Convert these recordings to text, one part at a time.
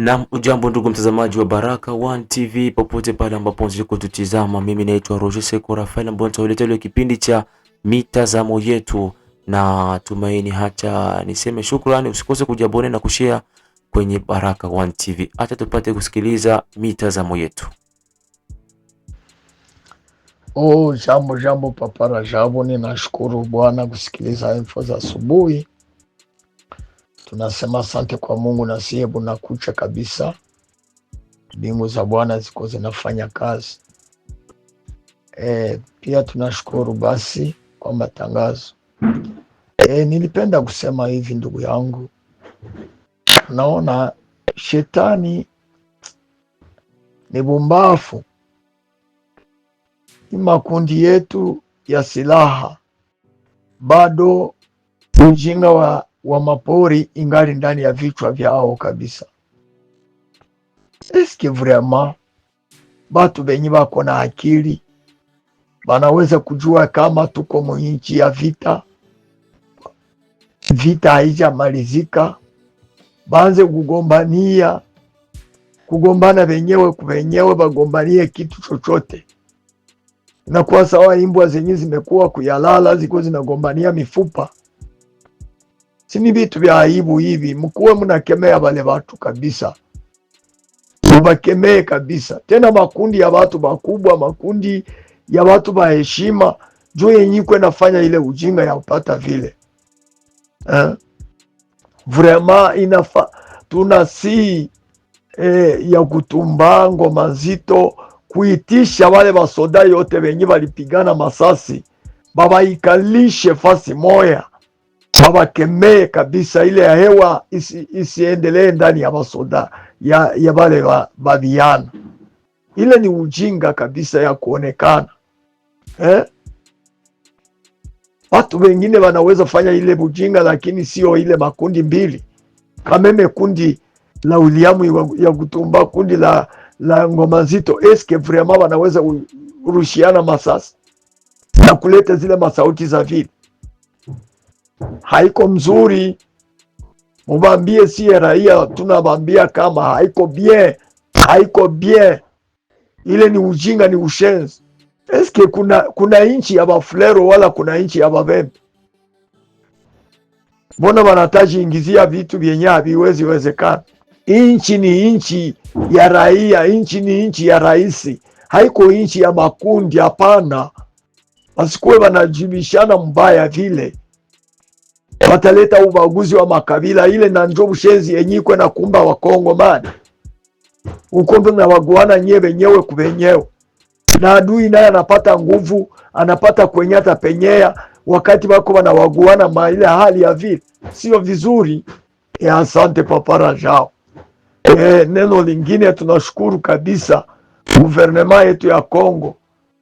Na ujambo ndugu mtazamaji wa Baraka One TV popote pale ambapo unazidi kututizama, mimi naitwa Roger Seko Rafael ambaye nitawaletea leo kipindi cha mitazamo yetu, na tumaini hata niseme shukrani. Usikose kujabone na kushare kwenye Baraka One TV. Hata tupate kusikiliza mitazamo yetu. Oh, jambo jambo papara jambo, ninashukuru Bwana kusikiliza info za asubuhi Tunasema asante kwa Mungu na si hebu na kucha kabisa, mbingu za Bwana ziko zinafanya kazi e. Pia tunashukuru basi kwa matangazo e. Nilipenda kusema hivi ndugu yangu, naona shetani ni bumbafu, ni makundi yetu ya silaha bado ujinga wa wamapori ingali ndani ya vichwa vyao kabisa. Eske vraiment batu benyi bako na akili banaweza kujua kama tuko munchi ya vita, vita haijamalizika, banze kugombania kugombana benyewe kubenyewe, bagombanie kitu chochote. kwa sawa imbwa zenye zimekuwa kuyalala ziko zinagombania mifupa Si ni vitu vya aibu hivi, mkuwe mnakemea wale watu kabisa, mubakemee kabisa, tena makundi ya watu makubwa, makundi ya watu wa heshima, juu yenyikwe nafanya ile ujinga ya upata vile eh? Vrema inafa tunasii eh, ya kutumba ngoma nzito kuitisha wale wasoda yote wenye walipigana masasi babaikalishe fasi moya wawakemee kabisa, ile ya hewa isi, isiendelee ndani ya masoda ya, ya wale baviana. Ile ni ujinga kabisa ya kuonekana eh? Watu wengine wanaweza fanya ile ujinga, lakini sio ile makundi mbili kameme, kundi la Uliamu ya kutumba, kundi la, la ngoma nzito. Eske vraiment wanaweza urushiana masasi na kuleta zile masauti za vile haiko mzuri, mubambie siye raia tunabambia kama haiko bien, haiko bien. Ile ni ujinga, ni ushenzi. Eske kuna, kuna nchi ya bafulero wala kuna nchi ya bavembe? Mbona wanataji ingizia vitu vyenye haviwezi wezekana? Nchi ni nchi ya raia, nchi ni nchi ya raisi, haiko nchi ya makundi. Hapana, wasikuwe wanajibishana mbaya vile wataleta ubaguzi wa makabila ile na njo bushenzi enyikwe na kumba wa Kongo mani huko ndo na nawaguana nye wenyewe kuvenyewe na adui naye anapata nguvu, anapata kwenye penyea wakati wako wanawaguana maile hali ya vile sio vizuri. E, asante papa Rajao. E, neno lingine tunashukuru kabisa guvernema yetu ya Kongo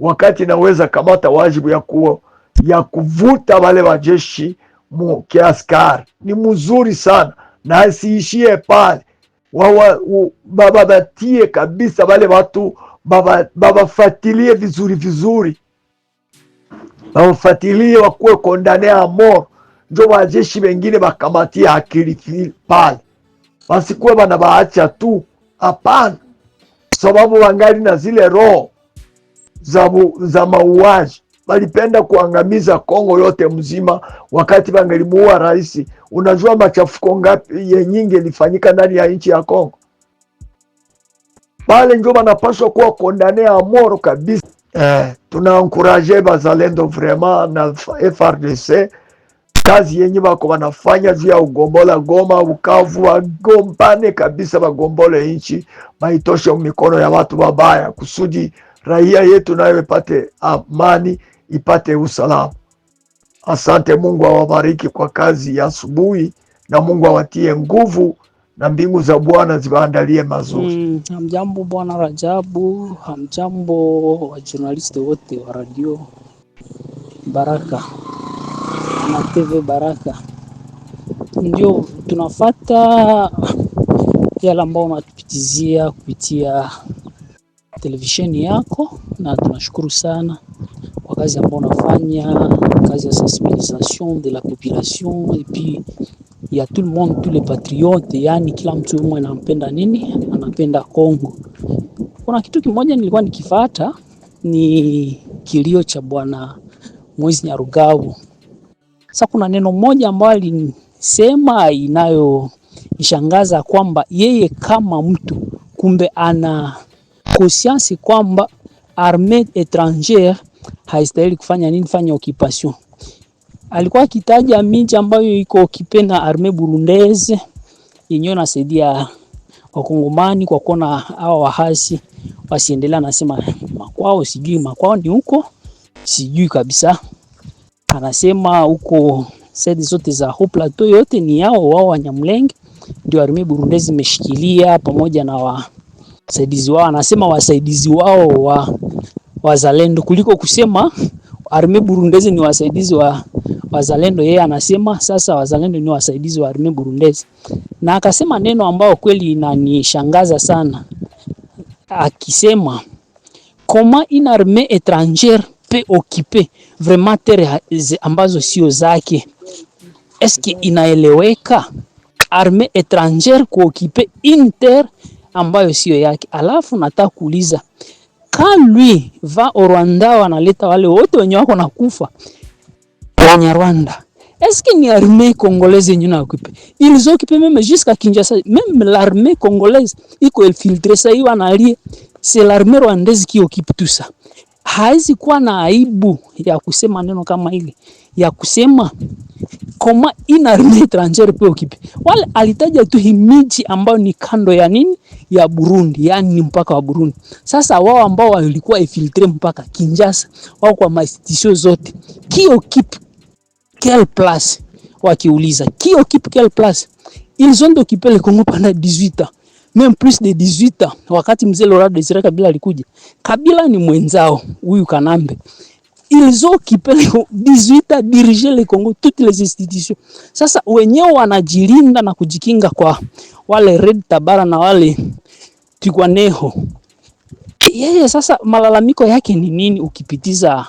wakati naweza kamata wajibu ya, kuo, ya kuvuta wale wajeshi mkiaskari ni mzuri sana, na asiishie pale, bababatie kabisa wale watu, babafatilie vizuri vizuri, babafatilie wakuwe kondane amoro, njo wajeshi wengine bakamatie akili pale, basikuwe banabaacha tu, hapana, sababu wangali na zile roho za mauaji walipenda kuangamiza Kongo yote mzima, wakati wangelimuua rais. Unajua machafuko ngapi ye nyingi ilifanyika ndani ya nchi ya Kongo pale, Njo wanapaswa kuwa kondanea amoro kabisa. Eh, tunankuraje bazalendo vrema na FRDC kazi yenye bako wanafanya juu ya ugombola Goma, Bukavu, wagombane kabisa, wagombole nchi maitoshe mikono ya watu wabaya, kusudi raia yetu nayo ipate amani ipate usalama. Asante Mungu awabariki kwa kazi ya asubuhi, na Mungu awatie nguvu na mbingu za Bwana ziwaandalie mazuri. Mm, hamjambo Bwana Rajabu, hamjambo wajurnalisti wote wa radio Baraka na TV Baraka, ndio tunafata yale ambao unatupitizia kupitia televisheni yako, na tunashukuru sana kazi ambayo unafanya, kazi ya sensibilisation de la population et puis ya tout le monde tous les patriotes, yani kila mtu mwe anampenda nini, anapenda Kongo. Kuna kitu kimoja nilikuwa nikifuata ni kilio cha bwana Moise Nyarugabo. Sasa kuna neno moja ambalo inayo ishangaza kwamba yeye kama mtu kumbe ana conscience kwamba armée étrangère haistahili kufanya nini, fanya occupation. Alikuwa akitaja miji ambayo iko occupé na armée burundaise yenyewe nasaidia wakongomani kwa kuona hawa wahasi wasiendelea, nasema makwao, sijui makwao ni huko, sijui kabisa. Anasema huko sedi zote za Haut Plateau yote ni yao wao, wanyamlenge ndio armée burundezi imeshikilia pamoja na wasaidizi wao. Anasema wasaidizi wao wa wazalendo kuliko kusema arme burundezi ni wasaidizi wa wazalendo. Yeye anasema sasa wazalendo ni wasaidizi wa arme burundezi, na akasema neno ambao kweli inanishangaza sana, akisema koma in arme etranger pe okipe vraiment terre ambazo sio zake. Eske inaeleweka arme etrangere kuokipe inter ambayo sio yake? Alafu nataka kuuliza kalwi va Rwanda wanaleta wale wote wenye wako nakufa kwenye Rwanda. Eske ni armée congolaise yenye na okupe ils occupent même jusqu'à Kinshasa, même l'armée congolaise iko infiltrée sasa hivi analie, c'est l'armée rwandaise qui occupe tout ça hawezi kuwa na aibu ya kusema neno kama hili ya kusema koma ina etranger pe okipe wale Alitaja tu himiji ambayo ni kando ya nini ya Burundi, yani ni mpaka wa Burundi. Sasa wao ambao walikuwa efiltre mpaka kinjasa wao kwa mastisho zote kio kipi quelle place, wakiuliza kio kipi quelle place, ils ont occupé le Congo pendant 18 ans même plus de 18 ans, wakati mzee Laurent Desire Kabila alikuja. Kabila ni mwenzao huyu Kanambe. Ils ont qui pendant 18 ans diriger le Congo toutes les institutions. Sasa wenyewe wanajilinda na kujikinga kwa wale Red Tabara na wale Tigwaneho. Yeye sasa malalamiko yake ni nini ukipitiza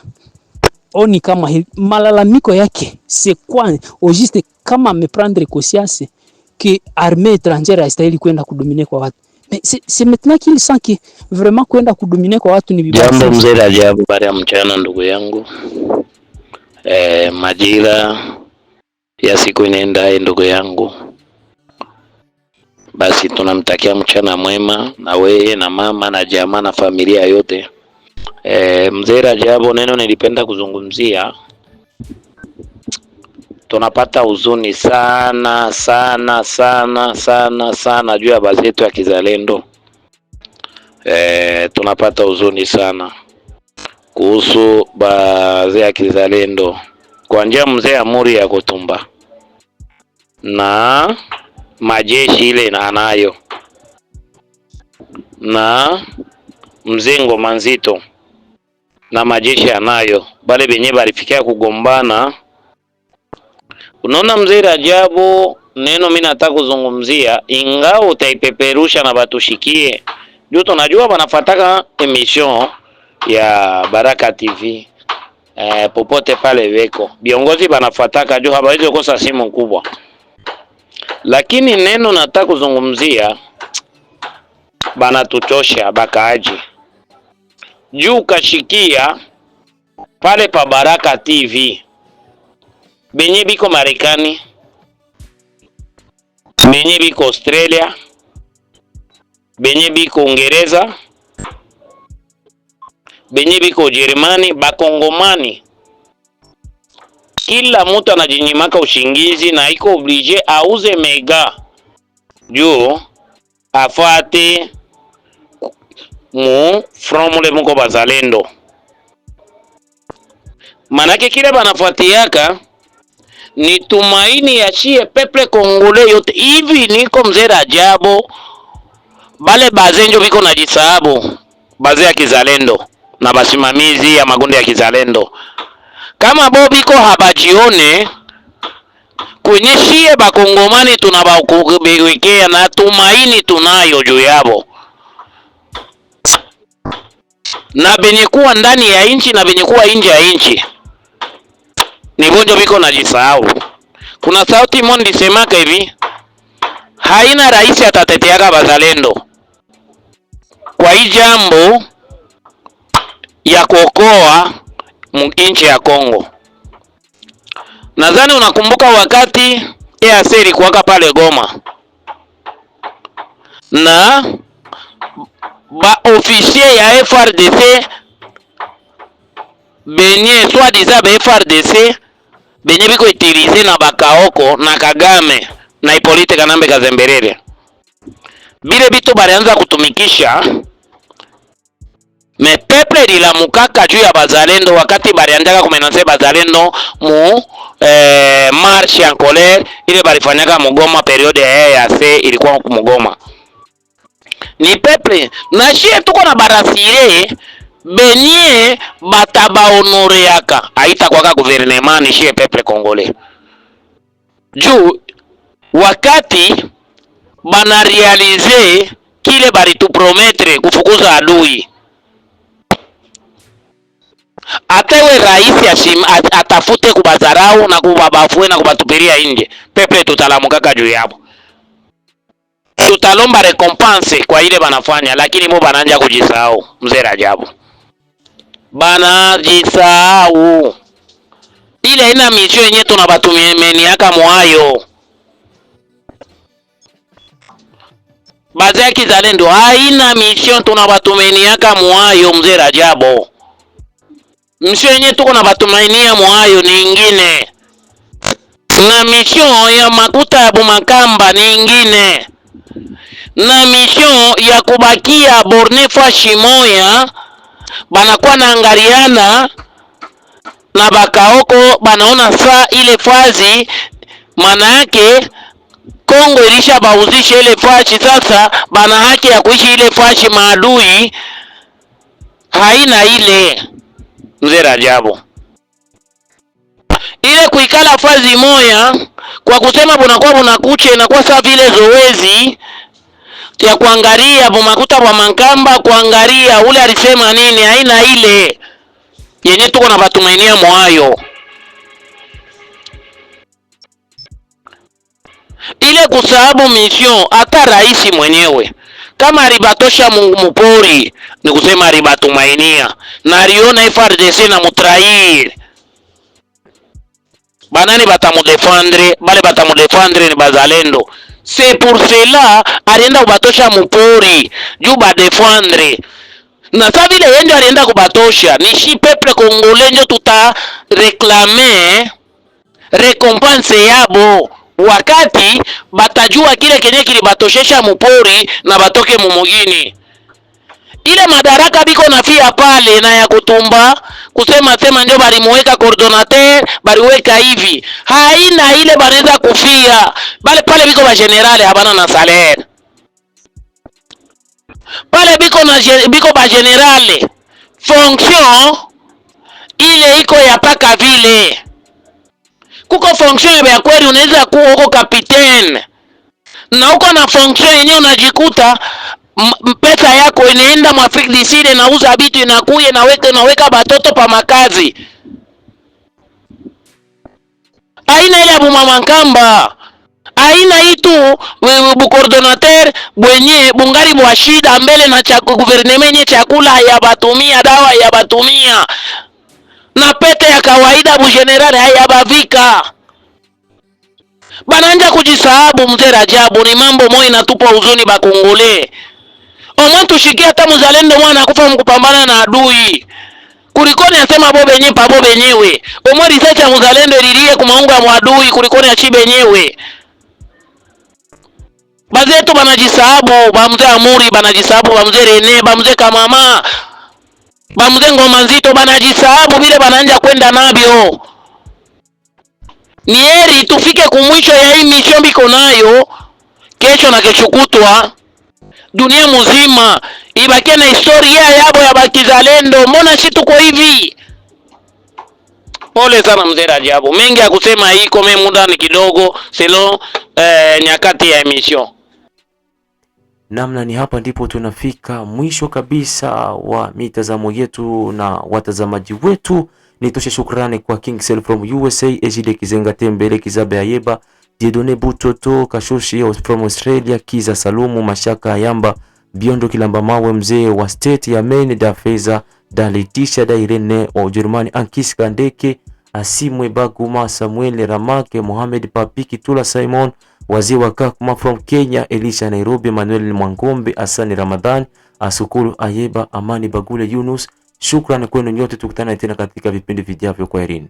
oni kama malalamiko yake c'est quoi au juste kama me prendre conscience que armée étrangère haistahili kwenda kudomine kwa watu. C'est maintenant qu'il sent que vraiment kwenda kudomine kwa watu ni vibaya. Jambo mzee Rajabu, baada ya mchana ndugu yangu e, majira ya siku inaendaye ndugu yangu, basi tunamtakia mchana mwema na weye na mama na jamaa na familia yote. E, mzee Rajabu, neno nilipenda kuzungumzia tunapata huzuni sana sana sana sana sana juu ya baadhi yetu ya kizalendo. E, tunapata huzuni sana kuhusu bazi ya kizalendo kwa njia mzee Amuri ya Kutumba na majeshi ile na anayo na mzee Ngoma Nzito na majeshi anayo bale benye balifikia kugombana Unaona mzee Rajabu, neno mimi nataka kuzungumzia, ingawa utaipeperusha na batushikie juu, tunajua banafataka emission ya Baraka TV eh, popote pale weko viongozi banafataka juu habawezi kosa simu kubwa, lakini neno nataka kuzungumzia, banatuchosha bakaaji juu kashikia pale pa Baraka TV benye biko Marekani, benye biko Australia, benye biko Uingereza, benye biko Ujerumani, bakongomani kila mtu anajinyimaka ushingizi na iko oblige auze mega juu afate mu fromule muko bazalendo, manake kile banafuatiaka ni tumaini ya yashie peple kongole yote. Hivi niko mzee Rajabo, bale bazenjo viko na jisahabu baze ya kizalendo na basimamizi ya magunde ya kizalendo, kama bo viko habajione shie bakongomani, tunabawekea na tumaini tunayo juu yabo na benye kuwa ndani ya nchi na benye kuwa nje ya nchi nivunjo viko najisahau. Kuna sauti mondi semaka hivi, haina rais atateteaka bazalendo kwa hii jambo ya kuokoa nchi ya Kongo. Nadhani unakumbuka wakati EAC ilikuwaka pale Goma na baofisie ya FRDC benye swadisa ba FRDC benye biko itirize na Bakaoko na Kagame na Ipolite Kanambe Kazemberere bile bitu balianza kutumikisha me peple lilamukaka juu ya bazalendo wakati balianjaka kumenase bazalendo mu eh, marche en colere ile balifanyaka Mugoma, periode ya se ilikuwa Mugoma ni peple na shie tuko na barasire benye batabaonoreaka aitakwaka guvernema nishie peple kongole juu wakati banarealize kile barituprometre kufukuza adui atewe raisi atafute kubazarau na kubabafue na kubatupiria nje. Peple tutalamukaka juu yabo, tutalomba rekompanse kwa ile banafanya, lakini mo bananja kujisahau. Mzee Rajabu bana jisahau ile ina micho yenye tunabatumia meniaka mwayo bazi ya kizalendo haina mission tunabatumeniaka mwayo mzee Rajabo, msio yenye tuko na batumainia mwayo ingine, na mission ya makuta ya bumakamba ingine, na mission ya kubakia borne fashi moya banakuwa naangaliana na bakaoko, banaona saa ile fazi, maana yake Kongo ilisha bauzisha ile fashi. Sasa bana haki ya kuishi ile fashi, maadui haina ile. Mzee Rajabu, ile kuikala fazi moya kwa kusema bunakuwa bunakuche, inakuwa saa vile zoezi ya kuangalia pomakuta kwa mankamba kuangalia ule alisema nini, aina ile yenye tuko na batumainia mwayo ile kusahabu mission. Hata rais mwenyewe kama alibatosha mupori, ni kusema alibatumainia na aliona FRDC na mutrair banani batamudefendre, bale batamudefendre ni bazalendo c'est pour cela alienda kubatosha mupori juu badefendre na sa vile yeye alienda kubatosha. Nishi peple kongole njo tuta reklame recompense yabo wakati batajua kile kenye kilibatoshesha mupori na batoke mumugini. Ile madaraka biko nafia pale na ya kutumba kusema sema ndio balimuweka coordinateur baliweka hivi, haina ile banaweza kufia bale pale, biko ba general habana na salaire pale, biko na biko ba general fonction ile iko ya paka vile kuko fonction ya kweli, unaweza kuwa uko kapitene na uko na fonction yenyewe unajikuta pesa ya inaenda mwafiki disile nauza bitu inakuya naweka naweka batoto pa makazi aina ile mama nkamba aina itu bukordonater bwenye bungari bwa shida mbele na cha guvernemenye chakula ya batumia dawa ya batumia na pete ya kawaida bugenerali hayabavika bananja kujisahabu. Mzee Rajabu, ni mambo moyo inatupa huzuni bakungule omuntu shikia hata mzalendo mwana akufa mkupambana na adui kulikoni asema bo benyewe pabo benyewe omwe risasi ya mzalendo ililie kumaunga mwadui kulikoni achi benyewe bazetu banajisahabu bamze amuri banajisahabu bamze rene bamze kamama bamze ngoma nzito banajisahabu vile bananja kwenda nabyo nieri tufike kumwisho ya hii mishombi konayo kesho na kesho kutwa dunia mzima ibakie na historia yabo ya bakizalendo. Mbona si tuko hivi? Pole sana mzee Rajabu, mengi ya kusema iko me, muda ni kidogo selo eh, nyakati ya emission namna ni hapa ndipo tunafika mwisho kabisa wa mitazamo yetu na watazamaji wetu. Nitoshe shukrani kwa King Cell from USA, Ejide Kizenga, Tembele Kizabe Ayeba Dieudonne Butoto Kashoshi from Australia, Kiza Salumu Mashaka Yamba Biondo Kilamba Mawe, mzee wa state ya Maine, da Feza da Letisha da Irene wa Ujerumani, Ankis Kandeke Asimwe Baguma Samuel Ramake Mohamed Papiki, Tula Simon wazee wa Kakuma from Kenya, Elisha Nairobi, Manuel Mwangombe, Asani Ramadhan, Asukuru Ayeba, Amani Bagule Yunus. Shukrani kwenu nyote, tukutane tena katika vipindi vijavyo. Kwaherini.